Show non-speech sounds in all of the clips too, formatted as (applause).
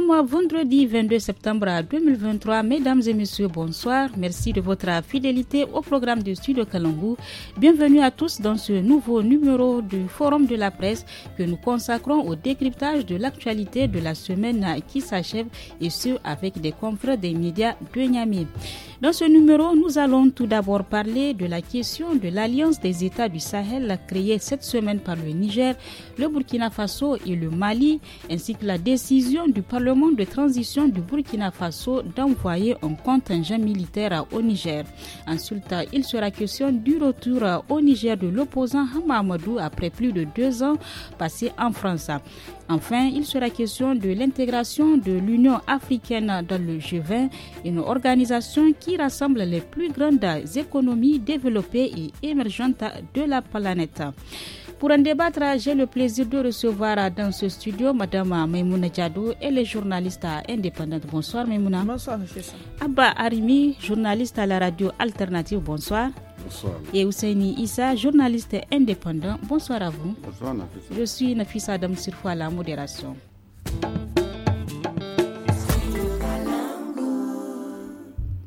mois, vendredi 22 septembre 2023. Mesdames et messieurs, bonsoir. Merci de votre fidélité au programme de Studio Kalangou. Bienvenue à tous dans ce nouveau numéro du Forum de la presse que nous consacrons au décryptage de l'actualité de la semaine qui s'achève et ce avec des confrères des médias de Niamey. Dans ce numéro, nous allons tout d'abord parler de la question de l'Alliance des États du Sahel créée cette semaine par le Niger, le Burkina Faso et le Mali, ainsi que la décision du Parlement le monde de transition du Burkina Faso d'envoyer un contingent militaire au Niger. Ensuite, il sera question du retour au Niger de l'opposant Hamamadou après plus de deux ans passés en France. Enfin, il sera question de l'intégration de l'Union africaine dans le G20, une organisation qui rassemble les plus grandes économies développées et émergentes de la planète. Pour en débattre, j'ai le plaisir de recevoir dans ce studio Madame Maimouna Djadou et les journalistes indépendants. Bonsoir Maimouna. Bonsoir Monsieur. Abba Arimi, journaliste à la radio Alternative. Bonsoir. Bonsoir. Et Ousseini Issa, journaliste indépendant. Bonsoir à vous. Bonsoir Je suis Nafissa Adam Sirfou à la modération.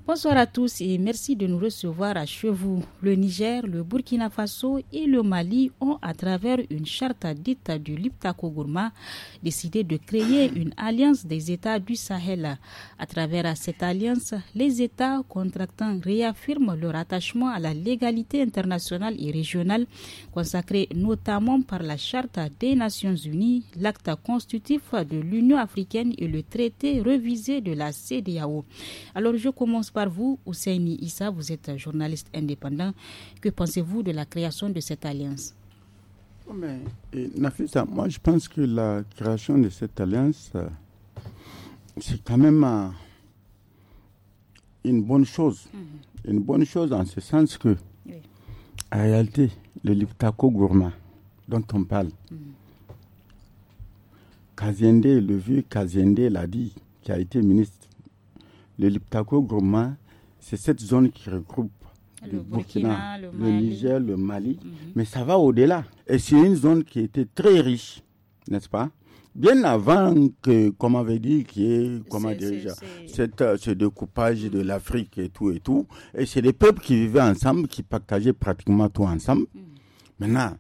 Bonsoir à tous et merci de nous recevoir à chez vous. Le Niger, le Burkina Faso et le Mali ont, à travers une charte dite du Liptako Gourma, décidé de créer une alliance des États du Sahel. À travers cette alliance, les États contractants réaffirment leur attachement à la légalité internationale et régionale, consacrée notamment par la charte des Nations Unies, l'acte constitutif de l'Union africaine et le traité revisé de la CDAO. Alors je commence par par vous, Ousseini Issa, vous êtes journaliste indépendant. Que pensez-vous de la création de cette alliance oh, eh, moi je pense que la création de cette alliance, euh, c'est quand même euh, une bonne chose. Mhm. Une bonne chose en ce sens que, en réalité, le Liptako Gourma dont on parle, mhm. le vieux Kaziende l'a dit, qui a été ministre le Liptako Gourma, c'est cette zone qui regroupe le, Burkina, le, Niger, le Mali, mhm. mais ça va au-delà. Et c'est une zone qui était très riche, n'est-ce pas Bien avant que, comme on avait dit, comment euh, ce découpage de mhm. l'Afrique et tout et tout. Et c'est des peuples qui vivaient ensemble, qui partageaient pratiquement tout ensemble. Mhm. Maintenant,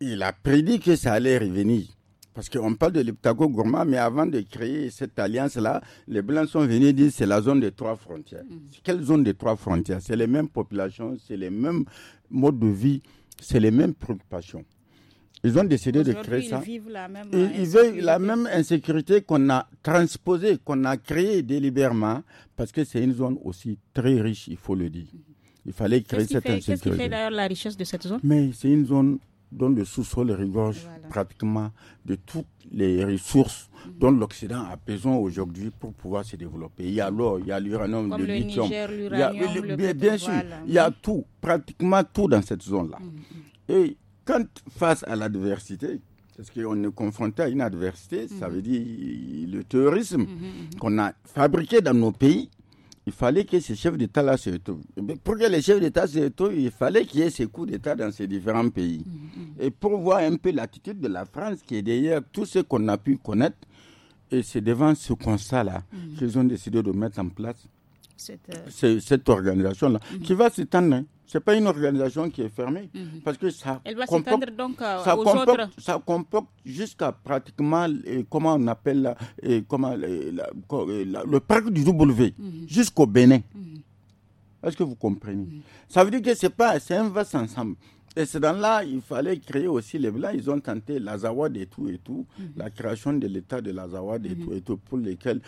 il a prédit que ça allait revenir. Parce qu'on parle de l'Iptago gourmand mais avant de créer cette alliance-là, les Blancs sont venus dire c'est la zone des trois frontières. Mm. Quelle zone des trois frontières C'est les mêmes populations, c'est les mêmes modes de vie, c'est les mêmes préoccupations. Ils ont décidé de créer ils ça. Vivent la même ils, ont la même insécurité qu'on a transposée, qu'on a créée délibérément, parce que c'est une zone aussi très riche, il faut le dire. Mm-hmm. Il fallait créer cette insécurité. Qu'est-ce qui fait d'ailleurs la richesse de cette zone Mais c'est une zone dont le sous-sol regorge pratiquement de toutes les ressources mhm. dont l'Occident a besoin aujourd'hui pour pouvoir se développer. Il y a l'or, il y a l'uranium, le, de lithium. il y a, bien, sûr, il y a tout, pratiquement tout dans cette zone-là. Mhm, mhm. Et quand face à l'adversité, parce qu'on est confronté à une adversité, ça veut dire le terrorisme qu'on a fabriqué dans nos pays, il fallait que ces chefs d'État-là se retrouvent. Pour que les chefs d'État se retrouvent, il fallait qu'il y ait ces coups d'État dans ces différents pays. Mmh, mmh. Et pour voir un peu l'attitude de la France qui est derrière tout ce qu'on a pu connaître, et c'est devant ce constat-là mmh. qu'ils ont décidé de mettre en place cette, euh, cette organisation-là, qui va s'étendre. Hein. Ce n'est pas une organisation qui est fermée, mhm. parce que ça Elle doit donc euh, aux comporte ça comporte jusqu'à pratiquement, comment on appelle, comment, le parc du W, mhm. jusqu'au Bénin. Mhm. Est-ce que vous comprenez Ça veut dire que c'est pas, un vaste ensemble. Et c'est dans là, il fallait créer aussi les blancs. ils ont tenté l'Azawad et tout et tout, la création de l'État de l'Azawad et tout et tout, pour, lesquels,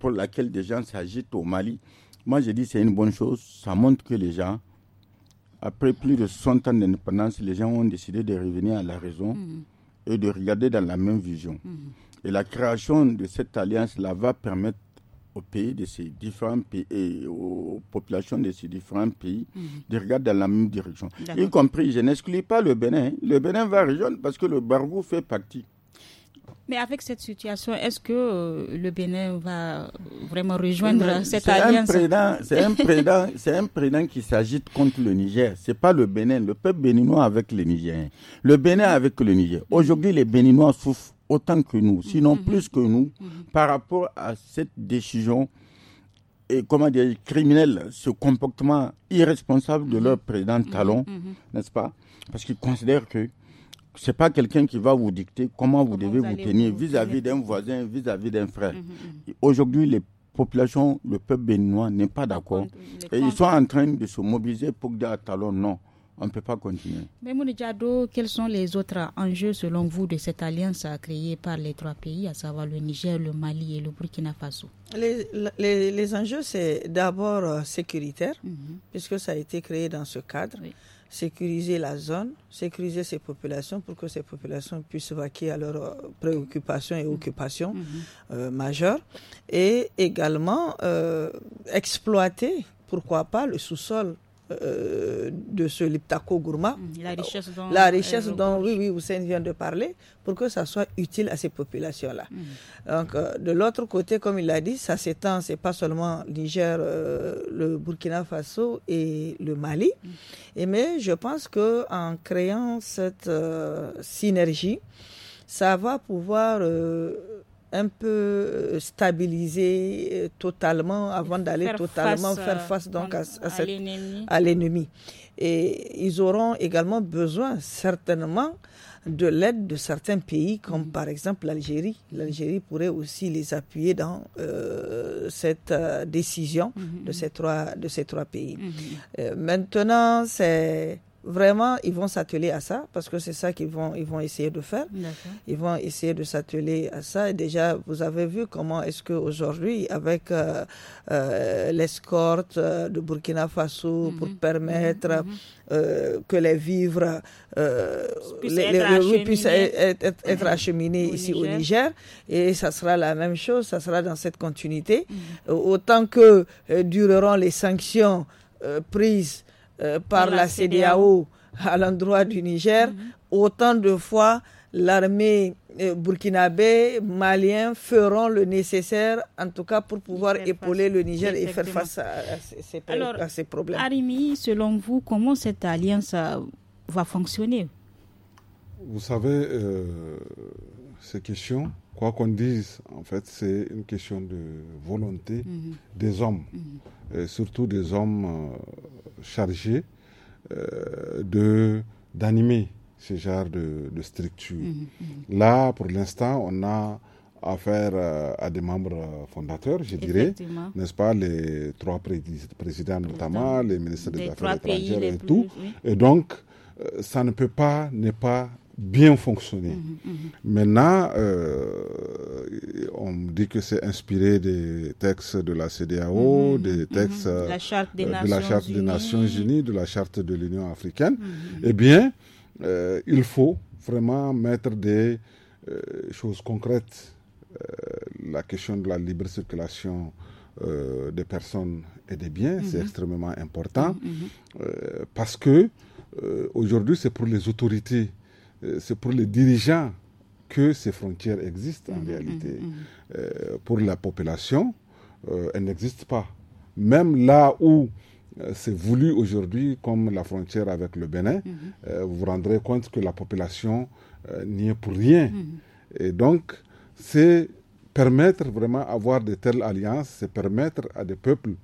pour laquelle des gens s'agitent au Mali. Moi, je dis c'est une bonne chose. Ça montre que les gens après plus de 100 ans d'indépendance, les gens ont décidé de revenir à la raison et de regarder dans la même vision. Et la création de cette alliance-là va permettre aux pays de ces différents pays et aux populations de ces différents pays de regarder dans la même direction. Y compris, je n'exclus pas le Bénin. Le Bénin va rejoindre parce que le Bargou fait partie. Mais avec cette situation, est-ce que euh, le Bénin va vraiment rejoindre cette alliance C'est un (laughs) président, c'est un président qui s'agite contre le Niger. Ce n'est pas le Bénin, le peuple béninois avec les Niger. le Bénin avec le Niger. Aujourd'hui, les Béninois souffrent autant que nous, sinon mhm. plus que nous, mhm. par rapport à cette décision et comment dire criminelle, ce comportement irresponsable de leur président mhm. Talon, n'est-ce pas Parce qu'ils considèrent que c'est pas quelqu'un qui va vous dicter comment vous devez vous, tenir vis-à-vis d'un voisin, vis-à-vis d'un frère. Mm, mm, mm. Aujourd'hui, les populations, le peuple béninois n'est pas d'accord. Et ils sont en train de se mobiliser pour dire à Talon non. On ne peut pas continuer. Mais Mounidjado, quels sont les autres enjeux selon vous de cette alliance créée par les trois pays, à savoir le Niger, le Mali et le Burkina Faso les, les, enjeux, c'est d'abord euh, sécuritaire, mm-hmm. puisque ça a été créé dans ce cadre sécuriser la zone, sécuriser ces populations pour que ces populations puissent vaquer à leurs euh, préoccupations et mm-hmm. occupations mm-hmm. Euh, majeures et également euh, exploiter, pourquoi pas, le sous-sol euh, de ce liptako gourma, mm, la richesse euh, dont, la richesse dont oui, oui, Hussein vient de parler, pour que ça soit utile à ces populations-là. Mm. Donc, euh, de l'autre côté, comme il l'a dit, ça s'étend, c'est pas seulement Niger, le Burkina Faso et le Mali. Mm. et mais je pense que en créant cette synergie, ça va pouvoir un peu euh, stabilisé euh, totalement avant d'aller totalement faire euh, face donc à, à, à l'ennemi. Et ils auront également besoin certainement de l'aide de certains pays comme mhm. par exemple l'Algérie. L'Algérie pourrait aussi les appuyer dans cette décision mhm. de, ces trois, de ces trois pays. Mhm. maintenant, c'est vraiment, ils vont s'atteler à ça parce que c'est ça qu'ils vont, ils vont essayer de faire. Ils vont essayer de s'atteler à ça. Et déjà, vous avez vu comment est-ce qu'aujourd'hui, avec euh, euh, l'escorte euh, de Burkina Faso mhm. pour permettre mhm, mhm. que les vivres puissent être, acheminés ici au Niger. Et ça sera la même chose, ça sera dans cette continuité. Autant que dureront les sanctions prises euh, par la, CDAO à l'endroit du Niger, mm-hmm. autant de fois l'armée euh, burkinabé, malien feront le nécessaire, en tout cas pour pouvoir épauler le Niger et faire face à, ces, problèmes. Arimi, selon vous, comment cette alliance euh, va fonctionner Vous savez, ces questions, quoi qu'on dise, en fait, c'est une question de volonté mhm. des hommes, mhm. et surtout des hommes euh, chargés euh, de d'animer ce genre de, structure. Mhm. Là, pour l'instant, on a affaire euh, à des membres fondateurs, je dirais, n'est-ce pas, les trois présidents notamment, les ministres des Affaires étrangères et tout. Et donc, ça ne peut pas n'est pas bien fonctionné. Mhm, mhm. Maintenant, euh, on dit que c'est inspiré des textes de la CDAO, mhm, des textes de euh, la Charte des, euh, Nations, Unies. de la Charte de l'Union africaine. Eh bien, euh, il faut vraiment mettre des choses concrètes. la question de la libre circulation des personnes et des biens, c'est extrêmement important parce que aujourd'hui, c'est pour les autorités euh, c'est pour les dirigeants que ces frontières existent en mm-hmm, réalité. Mm-hmm, mm-hmm. Euh, pour la population, euh, elles n'existent pas. Même là où c'est voulu aujourd'hui, comme la frontière avec le Bénin, vous vous rendrez compte que la population n'y est pour rien. Et donc, c'est permettre vraiment avoir de telles alliances, c'est permettre à des peuples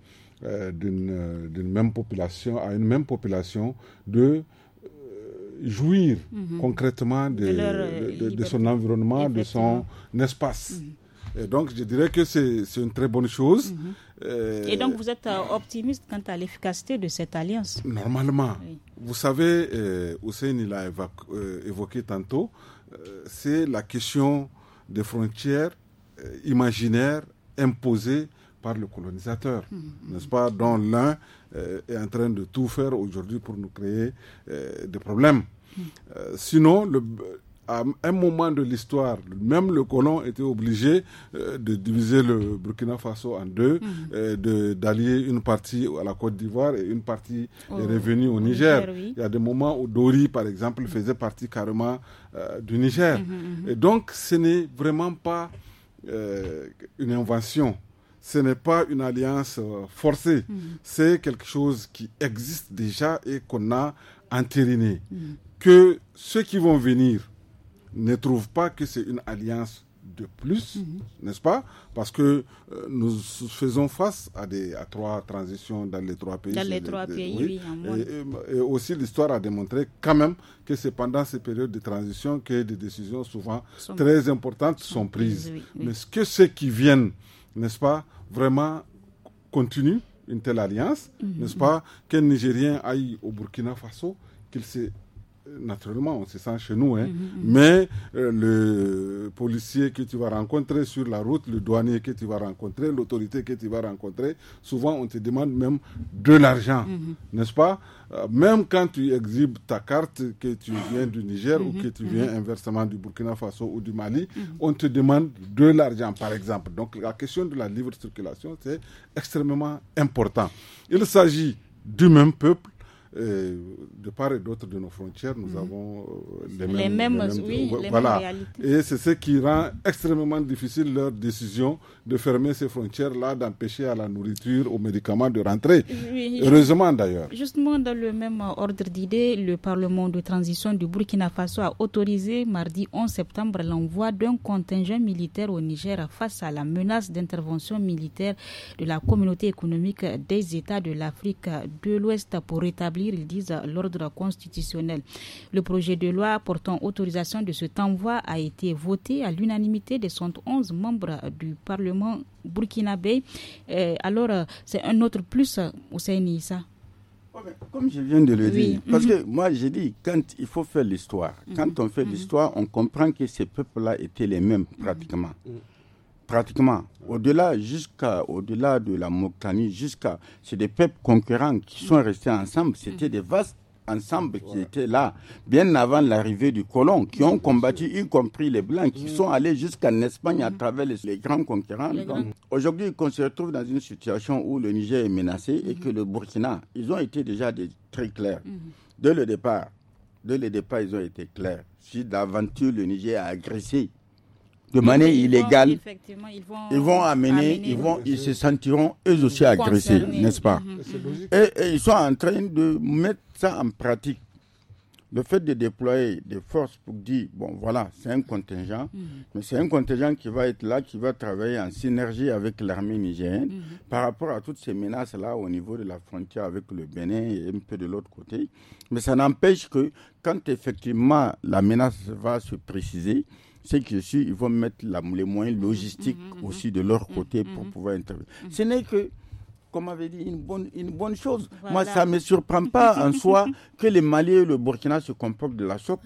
d'une même population, à une même population, de jouir mhm. concrètement de, de, son environnement, de son espace. Mhm. Et donc, je dirais que c'est une très bonne chose. Mhm. Euh, Et donc, vous êtes euh, optimiste quant à l'efficacité de cette alliance Normalement. Vous savez, euh, l'a euh, évoqué tantôt, c'est la question des frontières imaginaires imposées par le colonisateur, hmm, hmm, hmm. n'est-ce pas, dont l'un euh, est en train de tout faire aujourd'hui pour nous créer euh, des problèmes. Euh, sinon, le, à un moment de l'histoire, même le colon était obligé de diviser le Burkina Faso en deux, de d'allier une partie à la Côte d'Ivoire et une partie est oh. revenue au Niger. Il y a des moments où Dori, par exemple, faisait partie carrément du Niger. et donc, ce n'est vraiment pas une invention ce n'est pas une alliance euh, forcée, mm. c'est quelque chose qui existe déjà et qu'on a entériné. Mm. Que ceux qui vont venir ne trouvent pas que c'est une alliance de plus, mm-hmm. n'est-ce pas Parce que euh, nous faisons face à, des, à trois transitions dans les trois pays. Dans les trois pays, oui. et, aussi, l'histoire a démontré quand même que c'est pendant ces périodes de transition que des décisions souvent très importantes sont, prises. Mais ce que ceux qui viennent, n'est-ce pas, vraiment continue une telle alliance, mhm. n'est-ce pas Qu'un Nigérien aille au Burkina Faso, qu'il se naturellement, on se sent chez nous, hein. Mm-hmm, mm-hmm. mais euh, le policier que tu vas rencontrer sur la route, le douanier que tu vas rencontrer, l'autorité que tu vas rencontrer, souvent on te demande même de l'argent, mm-hmm. n'est-ce pas euh, Même quand tu exhibes ta carte, que tu viens du Niger ou que tu viens inversement du Burkina Faso ou du Mali, on te demande de l'argent, par exemple. Donc la question de la libre circulation, c'est extrêmement important. Il s'agit du même peuple de part et d'autre de nos frontières, nous mm. avons euh, les mêmes, oui, les voilà. mêmes réalités. Et c'est ce qui rend extrêmement difficile leur décision de fermer ces frontières-là, d'empêcher à la nourriture, aux médicaments de rentrer. Heureusement d'ailleurs. Justement, dans le même ordre d'idée, le Parlement de transition du Burkina Faso a autorisé mardi 11 septembre l'envoi d'un contingent militaire au Niger face à la menace d'intervention militaire de la communauté économique des États de l'Afrique de l'Ouest pour rétablir ils disent, euh, l'ordre constitutionnel. Le projet de loi portant autorisation de cet envoi a été voté à l'unanimité des 111 membres euh, du Parlement burkinabé. Euh, alors, c'est un autre plus, au Issa. Comme je viens de le dire, parce mhm. que moi j'ai dit, quand il faut faire l'histoire, mhm. quand on fait mhm. l'histoire, on comprend que ces peuples-là étaient les mêmes pratiquement pratiquement, au-delà jusqu'à au-delà de la Mokani, jusqu'à c'est des peuples conquérants qui sont restés ensemble. C'était des vastes ensembles qui étaient là bien avant l'arrivée du colon, qui ont combattu, y compris les blancs, qui mm. sont allés jusqu'en Espagne à mm. travers les, grands conquérants. Aujourd'hui, on se retrouve dans une situation où le Niger est menacé et mm-hmm. que le Burkina, ils ont été déjà très clairs mm-hmm. dès le départ. Dès le départ, ils ont été clairs. Si d'aventure le Niger a agressé de manière illégale, ils, vont amener, ils, vont, ils se sentiront eux aussi agressés, n'est-ce pas mhm, mhm. et, ils sont en train de mettre ça en pratique. Le fait de déployer des forces pour dire, bon voilà, c'est un contingent, mhm. mais c'est un contingent qui va être là, qui va travailler en synergie avec l'armée nigérienne par rapport à toutes ces menaces-là au niveau de la frontière avec le Bénin et un peu de l'autre côté. Mais ça n'empêche que quand effectivement la menace va se préciser, ce je suis, ils vont mettre les moyens logistiques mm, mm, mm, aussi de leur côté pour pouvoir intervenir. Ce n'est que comme avait dit, une bonne, une bonne chose. Moi, ça ne me surprend pas en (laughs) soi que les Mali et le Burkina se comportent de la sorte.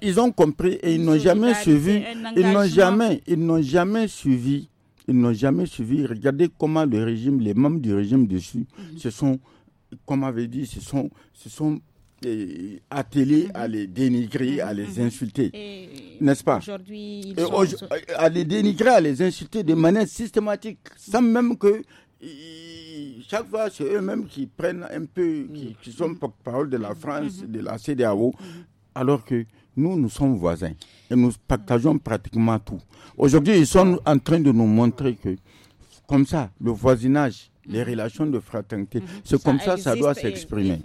Ils ont compris et ils n'ont jamais suivi. Ah, ils n'ont jamais, ils n'ont jamais suivi. Ils n'ont jamais suivi. Regardez comment le régime, les membres du régime dessus, mm-hmm. se sont, comme avait dit, se sont, se sont euh, télé, à les dénigrer, à les mhm. insulter. N'est-ce pas Aujourd'hui, à les dénigrer, à les insulter de manière systématique, sans même que chaque fois, c'est eux-mêmes qui prennent un peu, qui, qui sont mhm. porte-parole de la mhm. France, de la CDAO, alors que nous, nous sommes voisins et nous partageons pratiquement tout. Aujourd'hui, ils sont en train de nous montrer que, comme ça, le voisinage les mhm. relations de fraternité. Mhm. C'est comme ça, ça doit s'exprimer.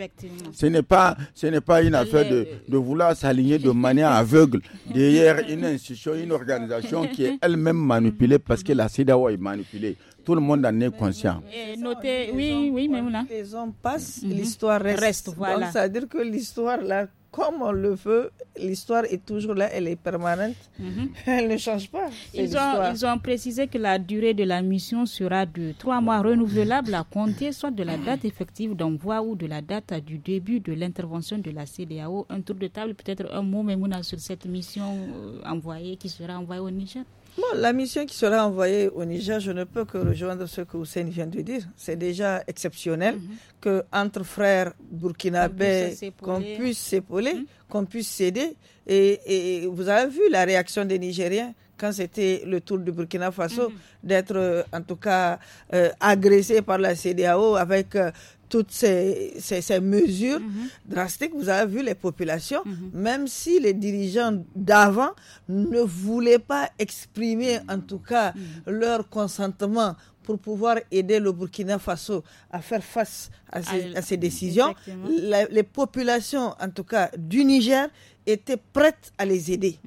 Ce n'est pas, ce n'est pas une affaire de, vouloir s'aligner de manière aveugle (laughs) derrière une institution, une organisation qui est elle-même manipulée parce que la CEDAW est manipulée. Tout le monde en est conscient. Et notez, oui, oui, même là. Les hommes passent, mhm. l'histoire reste. voilà. C'est-à-dire que l'histoire, là, comme on le veut, l'histoire est toujours là, elle est permanente, mhm. (laughs) elle ne change pas. Ils ont, ils ont, précisé que la durée de la mission sera de trois mois renouvelable à compter soit de la date effective d'envoi ou de la date du début de l'intervention de la CDAO. Un tour de table, peut-être un mot, Mémouna, sur cette mission euh, envoyée qui sera envoyée au Niger Bon, la mission qui sera envoyée au Niger, je ne peux que rejoindre ce que Hussein vient de dire. C'est déjà exceptionnel qu'entre mhm. que entre frères burkinabés, qu'on puisse s'épauler, qu'on puisse mhm. s'aider. Et, vous avez vu la réaction des Nigériens quand c'était le tour du Burkina Faso, mhm. d'être euh, en tout cas euh, agressé par la CDAO avec euh, toutes ces, mesures mhm. drastiques, vous avez vu les populations, mhm. même si les dirigeants d'avant ne voulaient pas exprimer en tout cas mhm. leur consentement pour pouvoir aider le Burkina Faso à faire face à ces, décisions, les populations en tout cas du Niger étaient prêtes à les aider,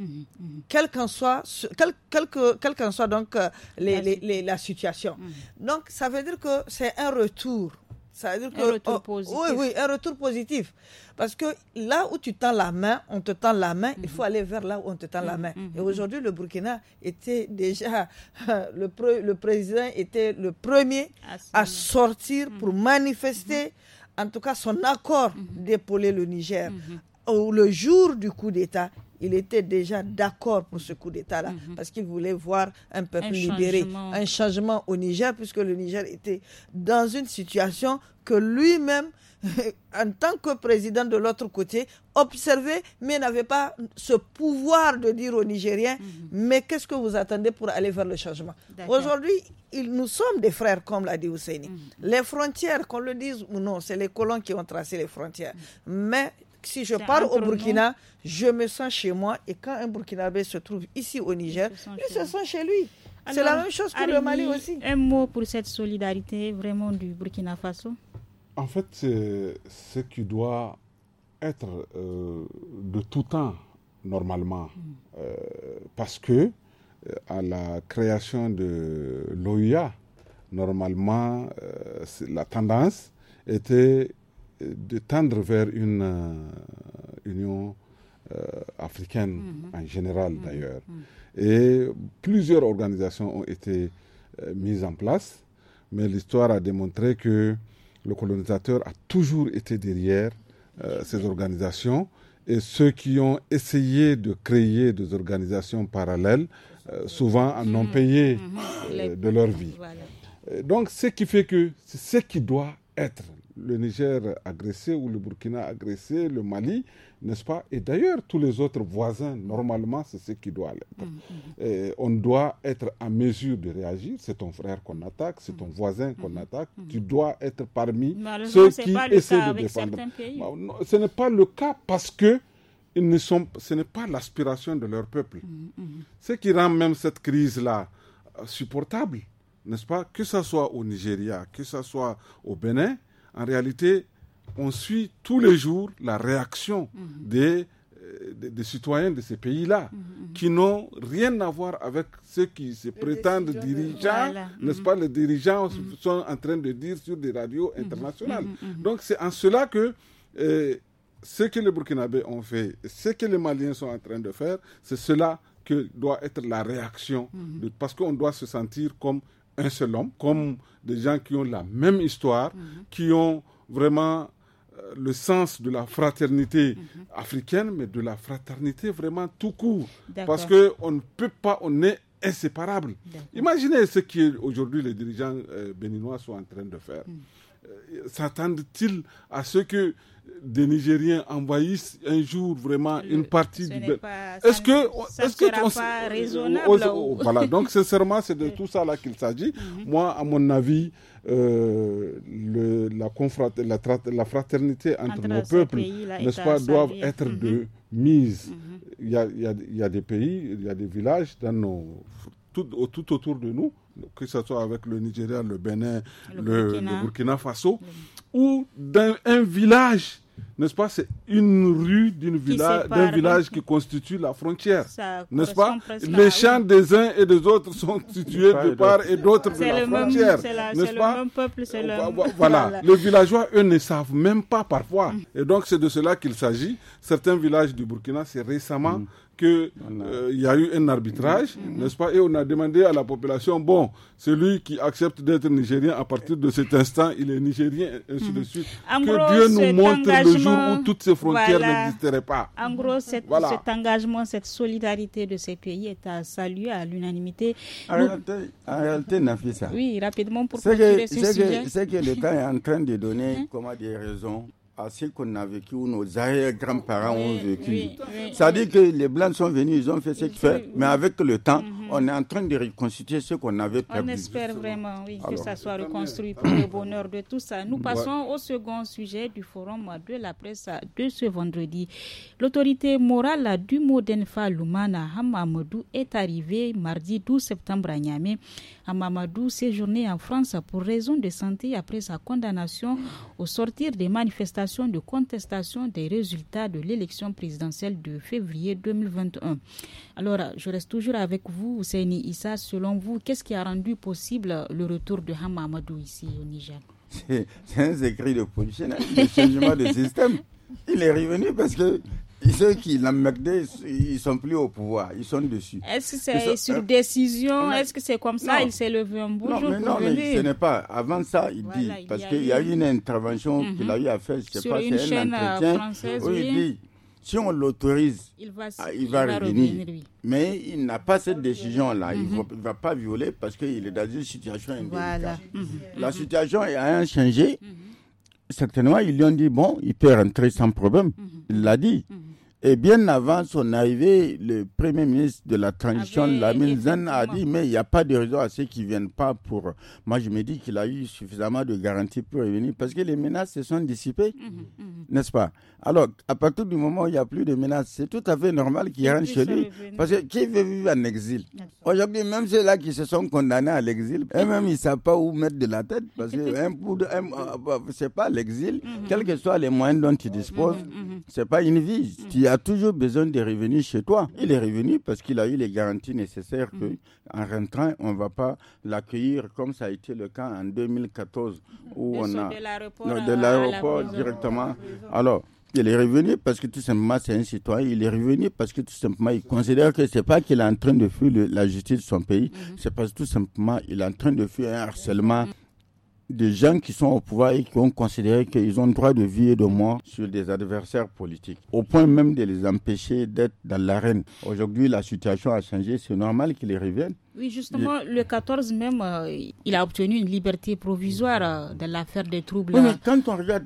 quelle qu'en soit, quel, quel soit donc euh, la, situation. Donc ça veut dire que c'est un retour un retour oh, positif. Oui, oui, un retour positif. Parce que là où tu tends la main, on te tend la main, il faut mhm. aller vers là où on te tend la mhm. main. Mhm. Et aujourd'hui, le Burkina était déjà, (laughs) le, le président était le premier à sortir pour manifester, en tout cas, son accord d'épauler le Niger. Au, le jour du coup d'État, il était déjà d'accord pour ce coup d'État-là, mhm. parce qu'il voulait voir un peuple libéré, un changement au Niger, puisque le Niger était dans une situation que lui-même, (laughs) en tant que président de l'autre côté, observait, mais n'avait pas ce pouvoir de dire aux Nigériens, mhm. mais qu'est-ce que vous attendez pour aller vers le changement Aujourd'hui, nous sommes des frères, comme l'a dit Ousseini. Mhm. Les frontières, qu'on le dise ou non, c'est les colons qui ont tracé les frontières. Mais si je pars au Burkina, je me sens chez moi. Et quand un Burkinabé se trouve ici au Niger, il se sent chez lui. C'est la même chose pour le Mali aussi. Un mot pour cette solidarité vraiment du Burkina Faso En fait, ce qui doit être euh, de tout temps, normalement, hmm. euh, parce que euh, à la création de l'OIA, normalement, la tendance était de tendre vers une euh, union euh, africaine mhm. en général mhm. d'ailleurs. Mhm. Et plusieurs organisations ont été euh, mises en place, mais l'histoire a démontré que le colonisateur a toujours été derrière ces organisations et ceux qui ont essayé de créer des organisations parallèles, souvent en ont payé de leur vie. Donc ce qui fait que c'est ce qui doit être le Niger agressé ou le Burkina agressé, le Mali, n'est-ce pas Et d'ailleurs, tous les autres voisins, normalement, c'est ce qui doit l'être. Mm, mm, mm. On doit être en mesure de réagir. C'est ton frère qu'on attaque, c'est ton voisin qu'on mm-hmm. attaque. Mm-hmm. Tu dois être parmi ceux qui essaient de défendre. Pays. ce n'est pas le cas parce que ils ne sont, ce n'est pas l'aspiration de leur peuple. Ce qui rend même cette crise-là euh, supportable, n'est-ce pas Que ce soit au Nigeria, que ce soit au Bénin, en réalité, on suit tous les jours la réaction mhm. euh, des, des, citoyens de ces pays-là, mhm, mhm. qui n'ont rien à voir avec ceux qui se prétendent dirigeants, n'est-ce pas Les dirigeants sont en train de dire sur des radios internationales. Donc c'est en cela que... Euh, ce que les Burkinabés ont fait, ce que les Maliens sont en train de faire, c'est cela que doit être la réaction, parce qu'on doit se sentir comme un seul homme, comme des gens qui ont la même histoire, mhm. qui ont vraiment euh, le sens de la fraternité mhm. africaine, mais de la fraternité vraiment tout court. Parce qu'on ne peut pas, on est inséparable. Imaginez ce qu'aujourd'hui aujourd'hui les dirigeants euh, béninois sont en train de faire. Mhm. Euh, s'attendent-ils à ce que des Nigériens envahissent un jour vraiment une partie du. Est-ce que est-ce que on, pas raisonnable oh, voilà donc sincèrement c'est de (laughs) tout ça là qu'il s'agit. Mhm. Moi à mon avis euh, le, la, la, fraternité entre, nos peuples n'est-ce pas doivent être mhm. de mise. Mhm. il, y a, il, y a, des pays il y a des villages dans nos tout, autour de nous que ce soit avec le Nigeria le Bénin le Burkina. Faso ou dans un village, n'est-ce pas C'est une rue d'un village qui constitue la frontière, n'est-ce pas Les champs des uns et des autres sont (laughs) situés de part et d'autre de la frontière, n'est-ce pas le même peuple, le... Voilà, les villageois, eux, ne savent même pas parfois. Mm. Et donc, c'est de cela qu'il s'agit. Certains villages du Burkina, c'est récemment, mm qu'il euh, y a eu un arbitrage, mm-hmm. n'est-ce pas Et on a demandé à la population, bon, celui qui accepte d'être nigérien, à partir de cet instant, il est nigérien, et ainsi de mm-hmm. suite. En que gros, Dieu nous montre le jour où toutes ces frontières n'existeraient pas. En gros, cet engagement, cette solidarité de ces pays est à saluer à l'unanimité. En réalité, en réalité Nafisa, oui, rapidement pour ce sujet. C'est que l'État est en train de donner, mm-hmm. comment des raisons à ce qu'on a vécu, où nos arrière-grands-parents ont vécu. ça dit que les Blancs sont venus, ils ont fait ce qu'ils faisaient, mais avec le temps, mhm. on est en train de reconstituer ce qu'on avait perdu. On espère vraiment que ça soit reconstruit pour le bonheur de tout ça. Nous passons au second sujet du forum de la presse de ce vendredi. L'autorité morale du Modenfa Lumana Hamamadou est arrivée mardi 12 septembre à Niamey. Hamamadou séjournait en France pour raison de santé après sa condamnation au sortir des manifestations de contestation des résultats de l'élection présidentielle de février 2021. Alors, je reste toujours avec vous, Ousseini Issa. Selon vous, qu'est-ce qui a rendu possible le retour de Hamamadou ici au Niger C'est un écrit de politique, hein, le changement de système. Il est revenu parce que ceux qui l'emmerdent, ils sont plus au pouvoir, ils sont dessus. Est-ce que c'est sur euh, décision Est-ce que c'est comme ça Il s'est levé un bout Non, mais, ce n'est pas. Avant ça, il dit, parce qu'il y a eu une intervention qu'il mhm. a eu à faire, je ne sais pas, c'est un euh, entretien, il dit, si on l'autorise, il va, ah, revenir. Mais il n'a pas cette décision-là. Il ne mhm. va, pas violer parce qu'il est dans une situation indélicate. La mhm. situation a rien changé. Certainement, ils lui ont dit, bon, il peut rentrer sans problème. Il l'a dit. Et bien avant son arrivée, le premier ministre de la transition, Lamine Zen, a dit Mais il n'y a pas de raison à ceux qui ne viennent pas pour. Moi, je me dis qu'il a eu suffisamment de garanties pour revenir parce que les menaces se sont dissipées, mhm, mhm. n'est-ce pas Alors, à partir du moment où il n'y a plus de menaces, c'est tout à fait normal qu'il rentre chez lui parce que qui veut vivre en exil Aujourd'hui, même ceux-là qui se sont condamnés à l'exil, eux-mêmes, ils ne savent pas où mettre de la tête parce que ce n'est euh, pas l'exil, mhm. quels que soient les moyens dont tu disposes, c'est ce n'est pas une vie a toujours besoin de revenir chez toi. Il est revenu parce qu'il a eu les garanties nécessaires qu'en mm. en rentrant, on ne va pas l'accueillir comme ça a été le cas en 2014 où on a de l'aéroport directement. Alors, il est revenu parce que tout simplement c'est un citoyen. Il est revenu parce que tout simplement il considère que c'est pas qu'il est en train de fuir la justice de son pays, mm-hmm. c'est parce que tout simplement il est en train de fuir un harcèlement mm-hmm des gens qui sont au pouvoir et qui ont considéré qu'ils ont le droit de vie et de mort sur des adversaires politiques, au point même de les empêcher d'être dans l'arène. Aujourd'hui, la situation a changé, c'est normal qu'ils reviennent. Oui, justement, le 14 même, euh, il a obtenu une liberté provisoire de euh, dans l'affaire des troubles. Oui, mais euh. quand on regarde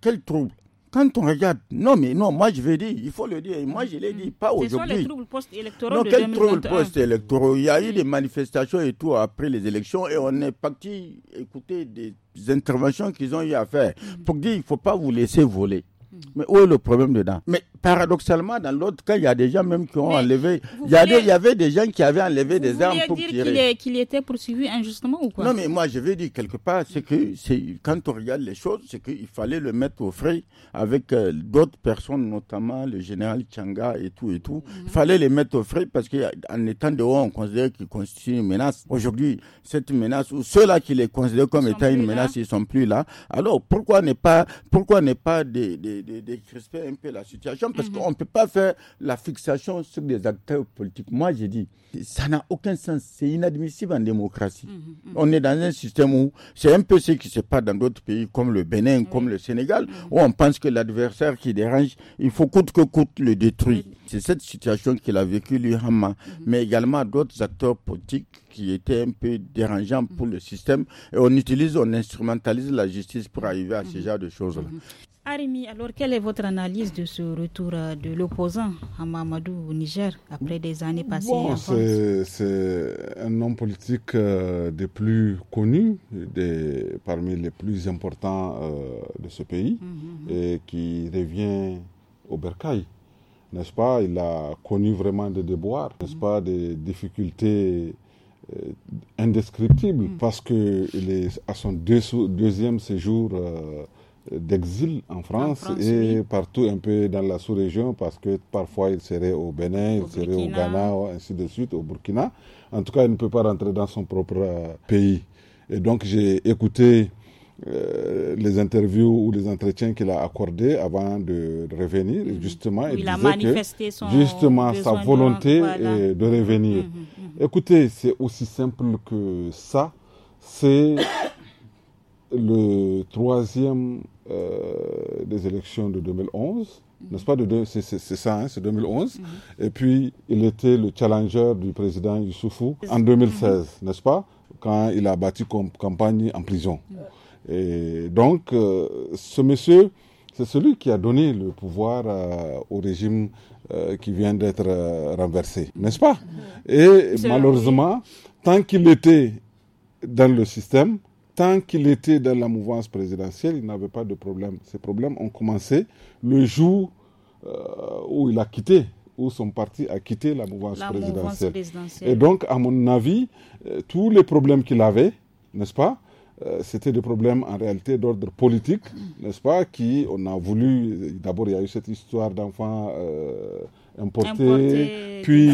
quels troubles quand on regarde, non, mais non, moi je veux dire, il faut le dire, moi je l'ai dit, pas aujourd'hui. les troubles post-électoraux Non, quels troubles post-électoraux Il y a eu des manifestations et tout après les élections et on est parti écouter des interventions qu'ils ont eu à faire mm. pour dire, il ne faut pas vous laisser voler. Mais où est le problème dedans Mais paradoxalement, dans l'autre cas, il y a des gens même qui ont enlevé. Il y, avait des gens qui avaient enlevé des armes pour dire Qu'il était poursuivi injustement ou quoi Non, mais moi, je vais dire quelque part, c'est que quand on regarde les choses, c'est qu'il fallait le mettre au frais avec euh, d'autres personnes, notamment le général Changa et tout et tout. Mhm. Il fallait les mettre au frais parce qu'en étant dehors, on considère qu'ils constituent une menace. Aujourd'hui, cette menace, ou ceux-là qui les considèrent comme étant une menace, ils sont plus là. Alors, pourquoi n'est pas, pourquoi n'est pas des, des de, crisper un peu la situation parce mhm. qu'on ne peut pas faire la fixation sur des acteurs politiques. Moi, j'ai dit, ça n'a aucun sens. C'est inadmissible en démocratie. Mhm, mhm. On est dans un système où c'est un peu ce qui se passe dans d'autres pays comme le Bénin, comme le Sénégal, où on pense que l'adversaire qui dérange, il faut coûte que coûte le détruire. C'est cette situation qu'il a vécu lui, Hamma mais également d'autres acteurs politiques qui étaient un peu dérangeants pour le système. Et on utilise, on instrumentalise la justice pour arriver à ce genre de choses-là. Arimi, alors quelle est votre analyse de ce retour euh, de l'opposant mamadou au Niger après des années passées C'est un homme politique euh, des plus connus, des, parmi les plus importants euh, de ce pays, hum, hum, hum. et qui revient au bercail. N'est-ce pas Il a connu vraiment des déboires, n'est-ce pas Des difficultés indescriptibles, parce qu'il est à son deuxième séjour d'exil en France, et partout un peu dans la sous-région parce que parfois il serait au Bénin, il serait au Ghana, ainsi de suite, au Burkina. En tout cas, il ne peut pas rentrer dans son propre euh, pays. Et donc j'ai écouté euh, les interviews ou les entretiens qu'il a accordés avant de revenir, mhm. justement, il, a manifesté que, justement sa volonté de, revenir. Mhm, mhm, Écoutez, c'est aussi simple que ça. C'est le troisième euh, des élections de 2011, mhm. n'est-ce pas C'est ça, hein, c'est 2011. Mhm. Et puis, il était le challenger du président Youssoufou en 2016, mhm. n'est-ce pas Quand il a battu campagne en prison. Et donc, euh, ce monsieur, c'est celui qui a donné le pouvoir euh, au régime qui vient d'être renversé, n'est-ce pas Et malheureusement, tant qu'il était dans le système, tant qu'il était dans la mouvance présidentielle, il n'avait pas de problème. Ces problèmes ont commencé le jour euh, où il a quitté, où son parti a quitté la mouvance, présidentielle. Et donc, à mon avis, euh, tous les problèmes qu'il avait, n'est-ce pas, euh, c'était des problèmes en réalité d'ordre politique, n'est-ce pas, qui on a voulu. D'abord, il y a eu cette histoire d'enfants importé, puis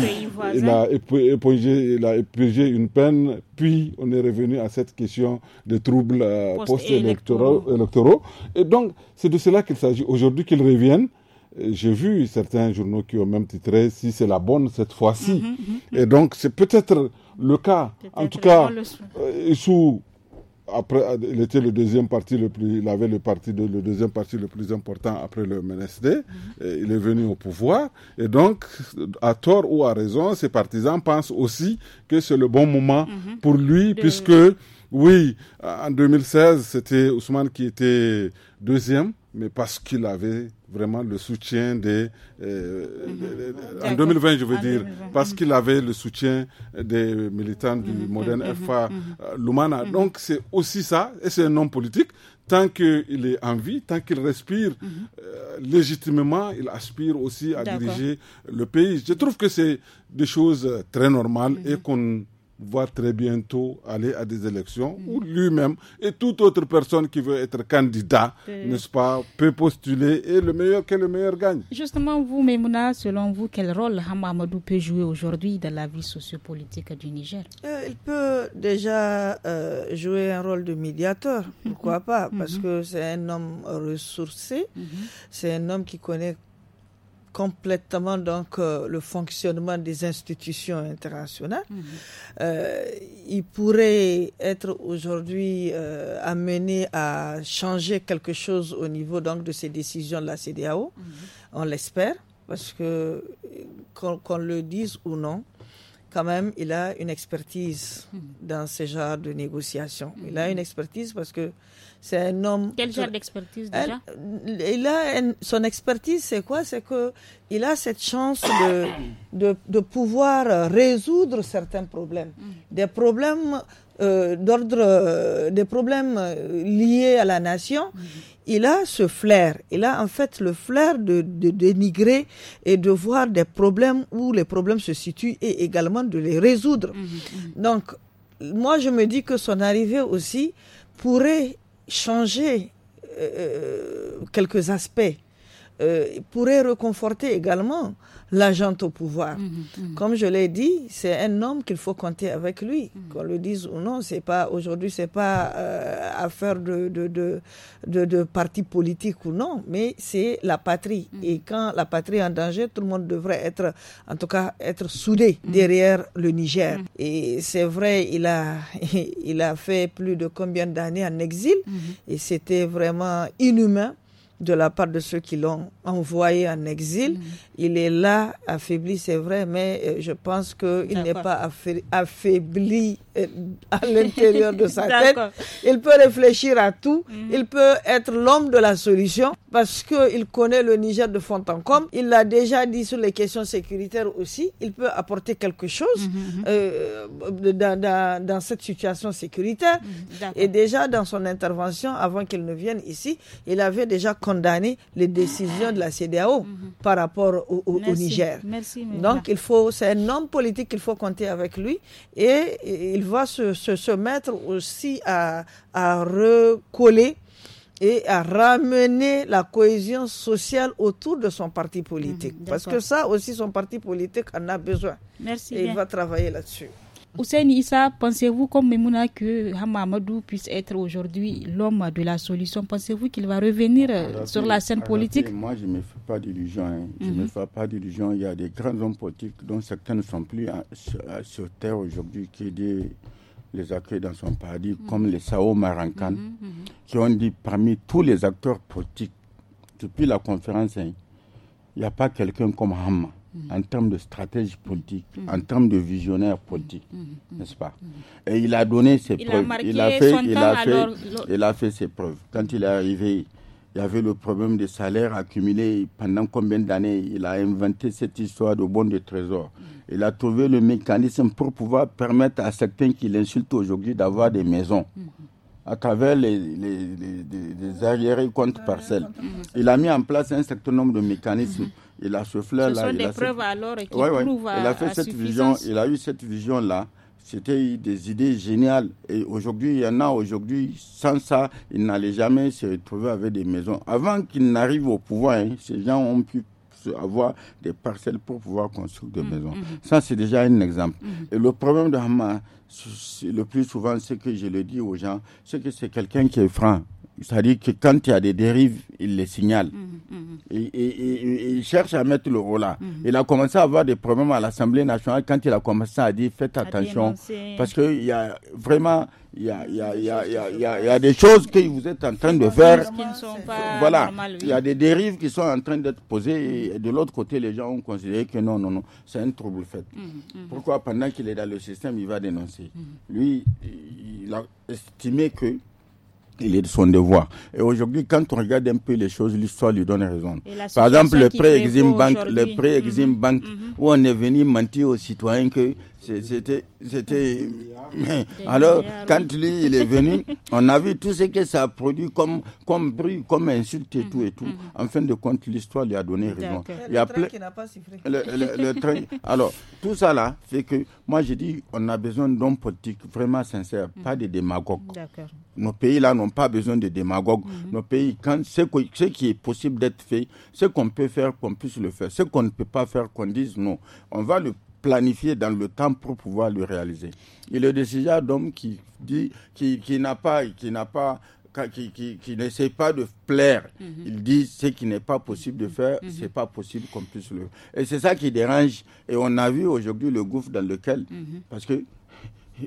il a, épongé, une peine, puis on est revenu à cette question des troubles euh, post-électoraux. Et donc, c'est de cela qu'il s'agit. Aujourd'hui qu'il reviennent, euh, j'ai vu certains journaux qui ont même titré si c'est la bonne cette fois-ci. Mhm, mhm, mhm. Et donc, c'est peut-être le cas, en tout cas, euh, sous après, il était le deuxième parti le plus, il avait le parti de, le deuxième parti le plus important après le MNSD. Mm-hmm. il est venu au pouvoir. Et donc, à tort ou à raison, ses partisans pensent aussi que c'est le bon moment mm-hmm. pour lui, puisque, oui, en 2016, c'était Ousmane qui était deuxième, mais parce qu'il avait vraiment le soutien des... Euh, mhm. En 2020, je veux dire, parce mhm. qu'il avait le soutien des militants du moderne mhm. Modern FA euh, Lumana. Donc c'est aussi ça, et c'est un homme politique. Tant qu'il est en vie, tant qu'il respire euh, légitimement, il aspire aussi à diriger le pays. Je trouve que c'est des choses très normales et qu'on va très bientôt aller à des élections ou où lui-même et toute autre personne qui veut être candidat, n'est-ce pas, peut postuler et le meilleur que le meilleur gagne. Justement, vous, Memouna, selon vous, quel rôle Hamamadou peut jouer aujourd'hui dans la vie sociopolitique du Niger euh, Il peut déjà euh, jouer un rôle de médiateur, pourquoi mhm. pas, parce mhm. que c'est un homme ressourcé, mhm. c'est un homme qui connaît complètement donc euh, le fonctionnement des institutions internationales. Mhm. Euh, il pourrait être aujourd'hui euh, amené à changer quelque chose au niveau donc de ces décisions de la CDAO, mhm. on l'espère, parce que qu'on le dise ou non, quand même, il a une expertise dans ce genre de négociation. Il a une expertise parce que c'est un homme. Quel genre d'expertise déjà il a Son expertise, c'est quoi C'est que il a cette chance de, de, de pouvoir résoudre certains problèmes. Mm. Des problèmes euh, d'ordre euh, des problèmes euh, liés à la nation, mhm. il a ce flair. Il a en fait le flair de, dénigrer et de voir des problèmes où les problèmes se situent et également de les résoudre. Mhm, mhm. Donc, moi, je me dis que son arrivée aussi pourrait changer quelques aspects euh, pourrait reconforter également l'agent au pouvoir. Mhm, mhm. Comme je l'ai dit, c'est un homme qu'il faut compter avec lui, mhm. qu'on le dise ou non. C'est pas aujourd'hui, c'est pas euh, affaire de de, de, de de, parti politique ou non, mais c'est la patrie. Et quand la patrie est en danger, tout le monde devrait être, en tout cas, être soudé derrière le Niger. Et c'est vrai, il a (laughs) il a fait plus de combien d'années en exil, et c'était vraiment inhumain de la part de ceux qui l'ont envoyé en exil. Mm. Il est là, affaibli, c'est vrai, mais euh, je pense qu'il n'est pas affaibli euh, à l'intérieur de sa (laughs) tête. Il peut réfléchir à tout. Mm-hmm. Il peut être l'homme de la solution parce qu'il connaît le Niger de fond en comble. Il l'a déjà dit sur les questions sécuritaires aussi. Il peut apporter quelque chose mm-hmm, mm-hmm. Euh, dans, dans, cette situation sécuritaire. Et déjà, dans son intervention, avant qu'il ne vienne ici, il avait déjà condamner les décisions de la CDAO mhm. par rapport au, Niger. Donc, il faut, c'est un homme politique qu'il faut compter avec lui et il va se, se, mettre aussi à, à recoller et à ramener la cohésion sociale autour de son parti politique. Mhm, Parce que ça aussi, son parti politique en a besoin. Et il va travailler là-dessus. Ousseini Issa, pensez-vous comme Memouna que Hamamadou puisse être aujourd'hui l'homme de la solution Pensez-vous qu'il va revenir euh, sur la scène politique Moi, je ne me fais pas d'illusion, hein. Je ne me mhm. fais pas d'illusion. Il y a des grands hommes politiques dont certains ne sont plus hein, euh, sur terre aujourd'hui qui des les accueillir dans son paradis, mhm. comme les Sao Marankan, mhm, qui ont dit parmi tous les acteurs politiques, depuis la conférence, hein, il n'y a pas quelqu'un comme Hamma. Mm-hmm. en termes de stratégie mm-hmm. politique, mm-hmm. en termes de visionnaire politique, n'est-ce pas Et il a donné ses preuves. il a fait, il a fait, il a fait ses preuves. Quand il est arrivé, il y avait le problème des salaires accumulés pendant combien d'années. Il a inventé cette histoire de bon de trésor. Il a trouvé le mécanisme pour pouvoir permettre à certains qui l'insultent aujourd'hui d'avoir des maisons à travers les, les, arriérés ah, contre parcelles. Il a mis en place un certain nombre de mécanismes il a ce il a fait cette vision, il a eu cette vision-là. C'était des idées géniales. Et aujourd'hui, il y en a aujourd'hui, sans ça, il n'allait jamais se retrouver avec des maisons. Avant qu'il n'arrive au pouvoir, hein, ces gens ont pu avoir des parcelles pour pouvoir construire des mmh, maisons. Mmh. Ça, c'est déjà un exemple. Mmh. Et le problème de Hamas, le plus souvent, c'est que je le dis aux gens, c'est que c'est quelqu'un qui est franc. C'est-à-dire que quand il y a des dérives, il les signale. Mhm, mhm. Il, cherche à mettre le rôle là. Mhm. Il a commencé à avoir des problèmes à l'Assemblée nationale quand il a commencé à dire faites attention. Parce qu'il y a vraiment il y a, il y a des choses que vous êtes en train de faire. Qui ne sont pas voilà. Il y a des dérives qui sont en train d'être posées. Et de l'autre côté, les gens ont considéré que non, non, non, c'est un trouble fait. Pourquoi pendant qu'il est dans le système, il va dénoncer Lui, il a estimé que il est de son devoir. Et aujourd'hui, quand on regarde un peu les choses, l'histoire lui donne raison. Par exemple, le pré-exim banque, le pré mhm, mhm. où on est venu mentir aux citoyens que c'était, c'était. Alors, quand lui il est venu, on a vu tout ce que ça a produit comme, comme bruit, comme insulte et tout et tout. Mm-hmm, mm-hmm. En fin de compte, l'histoire lui a donné raison. Il y a (laughs) le Le, Alors, tout ça là fait que moi je dit, on a besoin d'un politique vraiment sincère, mm. pas de démagogues. Nos pays là n'ont pas besoin de démagogues. Mm-hmm. Nos pays, quand ce, ce qui est possible d'être fait, ce qu'on peut faire, qu'on puisse le faire, ce qu'on ne peut pas faire, qu'on dise non. On va le planifié dans le temps pour pouvoir le réaliser. Il est déjà d'homme qui dit, qui, qui n'a pas, qui n'a pas, qui, qui, qui n'essaie pas de plaire. Mhm. Il dit ce qui n'est pas possible de mhm. faire, ce mhm. n'est c'est pas possible qu'on puisse le. Et c'est ça qui dérange. Et on a vu aujourd'hui le gouffre dans lequel, parce que